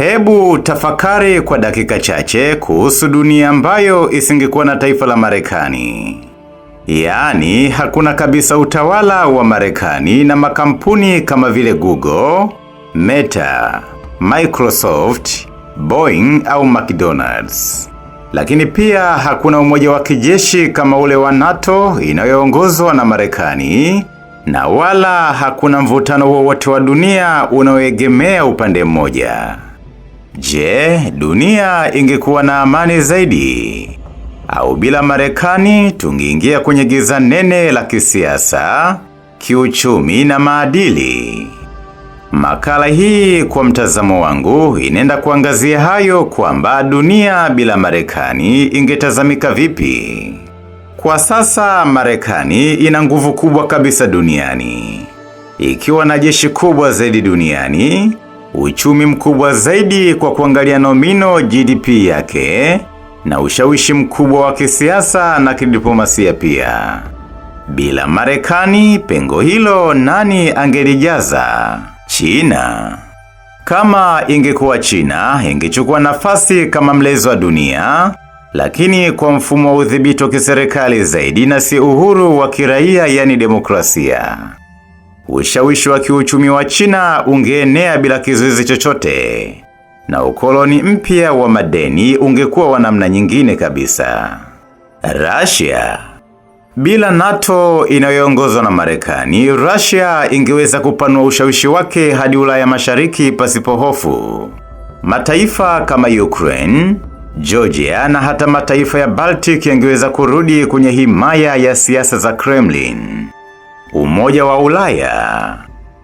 Hebu tafakari kwa dakika chache kuhusu dunia ambayo isingekuwa na taifa la Marekani. Yaani hakuna kabisa utawala wa Marekani na makampuni kama vile Google, Meta, Microsoft, Boeing au McDonald's. Lakini pia hakuna umoja wa kijeshi kama ule wa NATO inayoongozwa na Marekani na wala hakuna mvutano wowote wa dunia unaoegemea upande mmoja. Je, dunia ingekuwa na amani zaidi au bila Marekani tungeingia kwenye giza nene la kisiasa, kiuchumi na maadili? Makala hii kwa mtazamo wangu inaenda kuangazia hayo, kwamba dunia bila Marekani ingetazamika vipi? Kwa sasa Marekani ina nguvu kubwa kabisa duniani, ikiwa na jeshi kubwa zaidi duniani uchumi mkubwa zaidi kwa kuangalia nomino GDP yake na ushawishi mkubwa wa kisiasa na kidiplomasia pia. Bila Marekani, pengo hilo nani angelijaza? China. Kama ingekuwa China, ingechukua nafasi kama mlezi wa dunia, lakini kwa mfumo wa udhibiti wa kiserikali zaidi na si uhuru wa kiraia, yani demokrasia ushawishi wa kiuchumi wa China ungeenea bila kizuizi chochote na ukoloni mpya wa madeni ungekuwa wa namna nyingine kabisa. Russia bila NATO inayoongozwa na Marekani, Russia ingeweza kupanua ushawishi wake hadi Ulaya Mashariki pasipo hofu. Mataifa kama Ukraine, Georgia na hata mataifa ya Baltic yangeweza kurudi kwenye himaya ya siasa za Kremlin. Umoja wa Ulaya.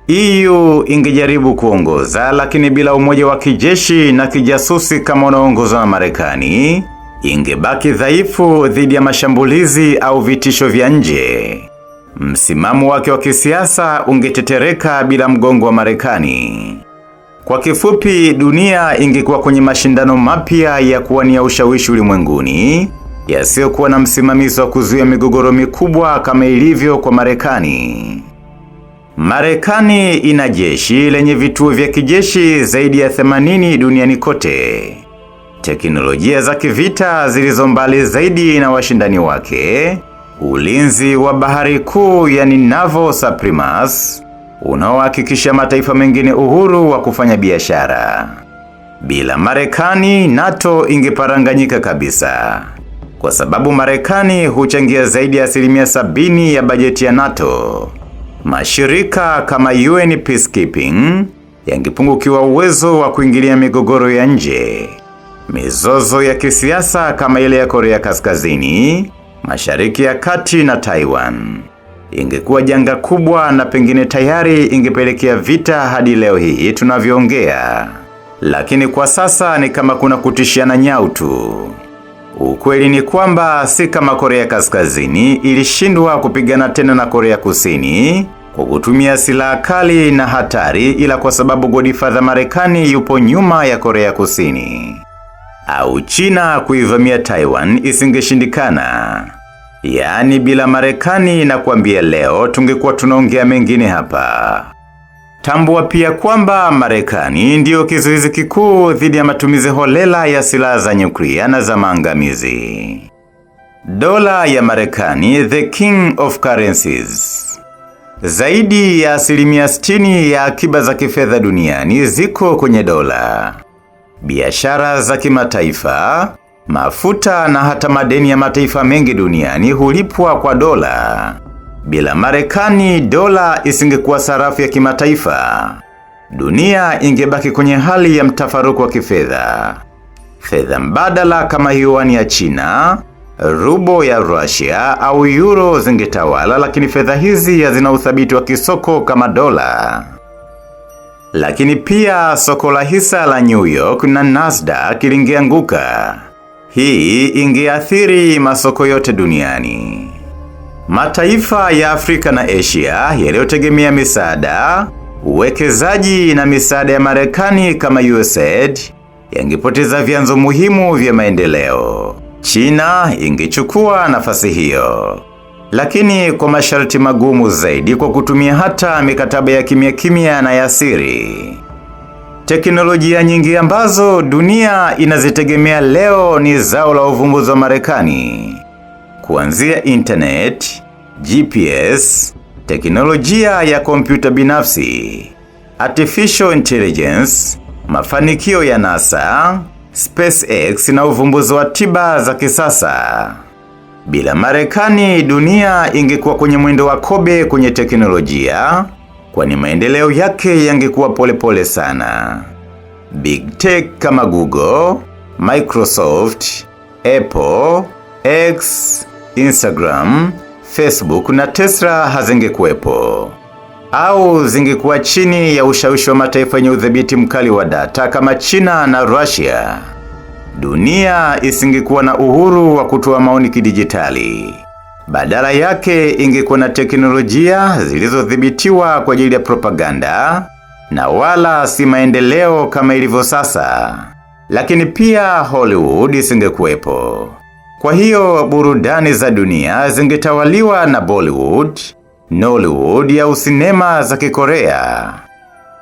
EU ingejaribu kuongoza, lakini bila umoja wa kijeshi na kijasusi kama unaoongozwa na Marekani, ingebaki dhaifu dhidi ya mashambulizi au vitisho vya nje. Msimamo wake wa kisiasa ungetetereka bila mgongo wa Marekani. Kwa kifupi, dunia ingekuwa kwenye mashindano mapya ya kuwania ushawishi ulimwenguni yasiyokuwa na msimamizi wa kuzuia migogoro mikubwa kama ilivyo kwa Marekani. Marekani ina jeshi lenye vituo vya kijeshi zaidi ya 80 duniani kote, teknolojia za kivita zilizo mbali zaidi na washindani wake, ulinzi wa bahari kuu, yani Navo Supremacy, unaohakikisha mataifa mengine uhuru wa kufanya biashara. Bila Marekani, NATO ingeparanganyika kabisa kwa sababu Marekani huchangia zaidi ya asilimia sabini ya bajeti ya NATO. Mashirika kama UN Peacekeeping yangepungukiwa uwezo wa kuingilia migogoro ya nje. Mizozo ya kisiasa kama ile ya Korea Kaskazini, Mashariki ya Kati na Taiwan ingekuwa janga kubwa na pengine tayari ingepelekea vita hadi leo hii tunavyoongea. Lakini kwa sasa ni kama kuna kutishiana nyau tu Ukweli ni kwamba si kama Korea Kaskazini ilishindwa kupigana tena na Korea Kusini kwa kutumia silaha kali na hatari, ila kwa sababu godifadha Marekani yupo nyuma ya Korea Kusini, au China kuivamia Taiwan isingeshindikana. Yaani bila Marekani, na kuambia leo tungekuwa tunaongea mengine hapa. Tambua pia kwamba Marekani ndiyo kizuizi kikuu dhidi ya matumizi holela ya silaha za nyuklia na za maangamizi. Dola ya Marekani, the king of currencies. Zaidi ya asilimia 60 ya akiba za kifedha duniani ziko kwenye dola. Biashara za kimataifa, mafuta na hata madeni ya mataifa mengi duniani hulipwa kwa dola. Bila Marekani dola isingekuwa sarafu ya kimataifa, dunia ingebaki kwenye hali ya mtafaruku wa kifedha. Fedha mbadala kama yuan ya China, rubo ya Russia au euro zingetawala, lakini fedha hizi hazina uthabiti wa kisoko kama dola. Lakini pia soko la hisa la New York na Nasdaq lingeanguka. Hii ingeathiri masoko yote duniani. Mataifa ya Afrika na Asia yaliyotegemea misaada, uwekezaji na misaada ya Marekani kama USAID yangepoteza vyanzo muhimu vya maendeleo. China ingechukua nafasi hiyo, lakini kwa masharti magumu zaidi, kwa kutumia hata mikataba ya kimya kimya na ya siri. Teknolojia nyingi ambazo dunia inazitegemea leo ni zao la uvumbuzi wa Marekani kuanzia internet, GPS, teknolojia ya kompyuta binafsi, artificial intelligence, mafanikio ya NASA, SpaceX na uvumbuzi wa tiba za kisasa. Bila Marekani, dunia ingekuwa kwenye mwendo wa kobe kwenye teknolojia, kwani maendeleo yake yangekuwa polepole sana. Big Tech kama Google, Microsoft, Apple, X Instagram, Facebook na Tesla hazingekuwepo au zingekuwa chini ya ushawishi wa mataifa yenye udhibiti mkali wa data kama China na Russia. Dunia isingekuwa na uhuru wa kutoa maoni kidijitali. Badala yake ingekuwa na teknolojia zilizodhibitiwa kwa ajili ya propaganda na wala si maendeleo kama ilivyo sasa. Lakini pia Hollywood isingekuwepo. Kwa hiyo burudani za dunia zingetawaliwa na Bollywood, Nollywood au sinema za Kikorea.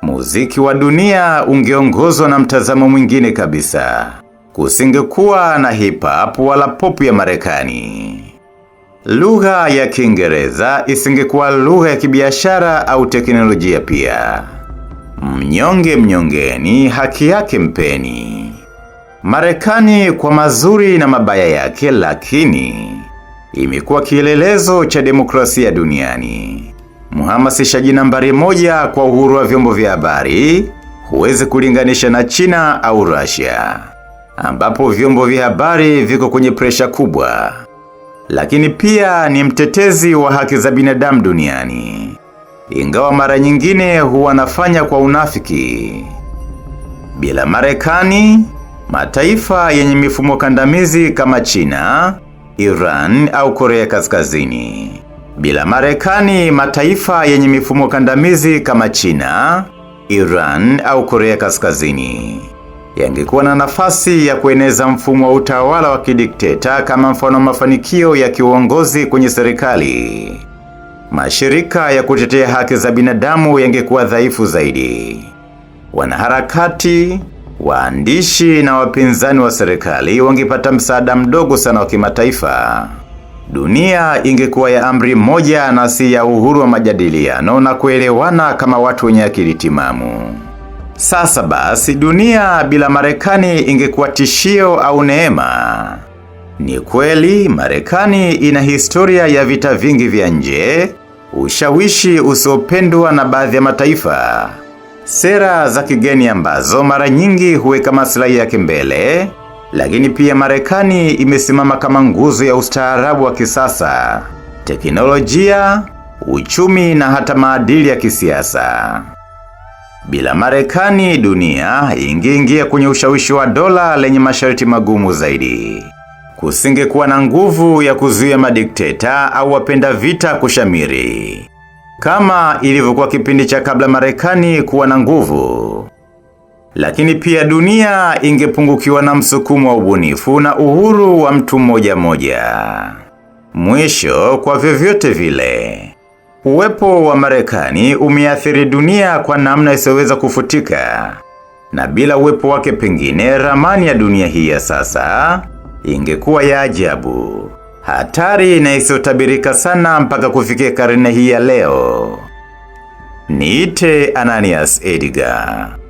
Muziki wa dunia ungeongozwa na mtazamo mwingine kabisa. Kusingekuwa na hip hop wala pop ya Marekani. Lugha ya Kiingereza isingekuwa lugha ya kibiashara au teknolojia pia. Mnyonge mnyongeni, haki yake mpeni. Marekani kwa mazuri na mabaya yake, lakini imekuwa kielelezo cha demokrasia duniani, mhamasishaji nambari moja kwa uhuru wa vyombo vya habari. Huwezi kulinganisha na China au Russia, ambapo vyombo vya habari viko kwenye presha kubwa, lakini pia ni mtetezi wa haki za binadamu duniani, ingawa mara nyingine huwa nafanya kwa unafiki. Bila Marekani mataifa yenye mifumo kandamizi kama China, Iran au Korea Kaskazini. Bila Marekani, mataifa yenye mifumo kandamizi kama China, Iran au Korea Kaskazini yangekuwa na nafasi ya kueneza mfumo wa utawala wa kidikteta kama mfano mafanikio ya kiuongozi kwenye serikali. Mashirika ya kutetea haki za binadamu yangekuwa dhaifu zaidi. Wanaharakati waandishi na wapinzani wa serikali wangepata msaada mdogo sana wa kimataifa. Dunia ingekuwa ya amri moja na si ya uhuru wa majadiliano na kuelewana kama watu wenye akili timamu. Sasa basi, dunia bila Marekani ingekuwa tishio au neema? Ni kweli Marekani ina historia ya vita vingi vya nje, ushawishi usiopendwa na baadhi ya mataifa Sera za kigeni ambazo mara nyingi huweka maslahi yake mbele, lakini pia Marekani imesimama kama nguzo ya ustaarabu wa kisasa, teknolojia, uchumi na hata maadili ya kisiasa. Bila Marekani, dunia ingeingia kwenye ushawishi wa dola lenye masharti magumu zaidi. Kusingekuwa na nguvu ya kuzuia madikteta au wapenda vita kushamiri kama ilivyokuwa kipindi cha kabla Marekani kuwa na nguvu, lakini pia dunia ingepungukiwa na msukumo wa ubunifu na uhuru wa mtu mmoja mmoja. Mwisho, kwa vyovyote vile, uwepo wa Marekani umeathiri dunia kwa namna isiyoweza kufutika, na bila uwepo wake, pengine ramani ya dunia hii ya sasa ingekuwa ya ajabu hatari na isiyotabirika sana mpaka kufikia karne hii ya leo. Niite Ananias Edgar.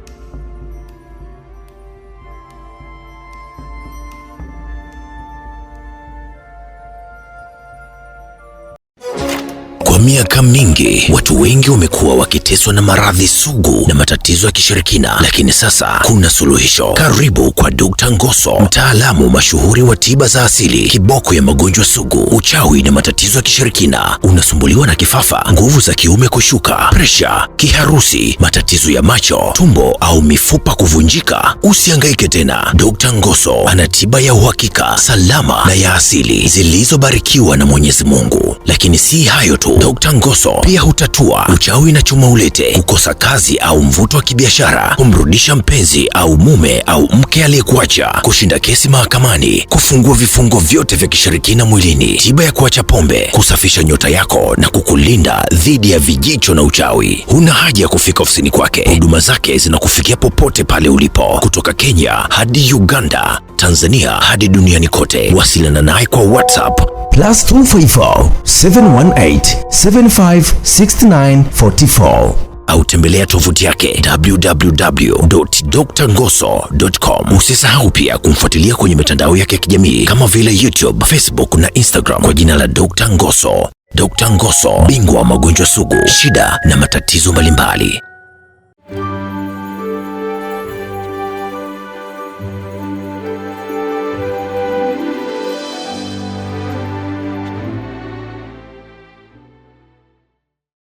Kwa miaka mingi watu wengi wamekuwa wakiteswa na maradhi sugu na matatizo ya kishirikina, lakini sasa kuna suluhisho. Karibu kwa Dr. Ngoso, mtaalamu mashuhuri wa tiba za asili, kiboko ya magonjwa sugu, uchawi na matatizo ya kishirikina. Unasumbuliwa na kifafa, nguvu za kiume kushuka, presha, kiharusi, matatizo ya macho, tumbo au mifupa kuvunjika? Usihangaike tena. Dr. Ngoso ana tiba ya uhakika, salama na ya asili zilizobarikiwa na Mwenyezi Mungu. Lakini si hayo tu nafuu. Dr. Ngoso pia hutatua uchawi na chuma ulete, kukosa kazi au mvuto wa kibiashara, kumrudisha mpenzi au mume au mke aliyekuacha, kushinda kesi mahakamani, kufungua vifungo vyote vya kishirikina mwilini, tiba ya kuacha pombe, kusafisha nyota yako na kukulinda dhidi ya vijicho na uchawi. Huna haja ya kufika ofisini kwake, huduma zake zinakufikia popote pale ulipo, kutoka Kenya hadi Uganda, Tanzania hadi duniani kote. Wasiliana naye kwa WhatsApp plus 244 718 7569 44 au tembelea tovuti yake www.drngoso.com. Usisahau pia kumfuatilia kwenye mitandao yake ya kijamii kama vile YouTube, Facebook na Instagram kwa jina la Dr. Ngoso. Dr. Ngoso, bingwa wa magonjwa sugu, shida na matatizo mbalimbali.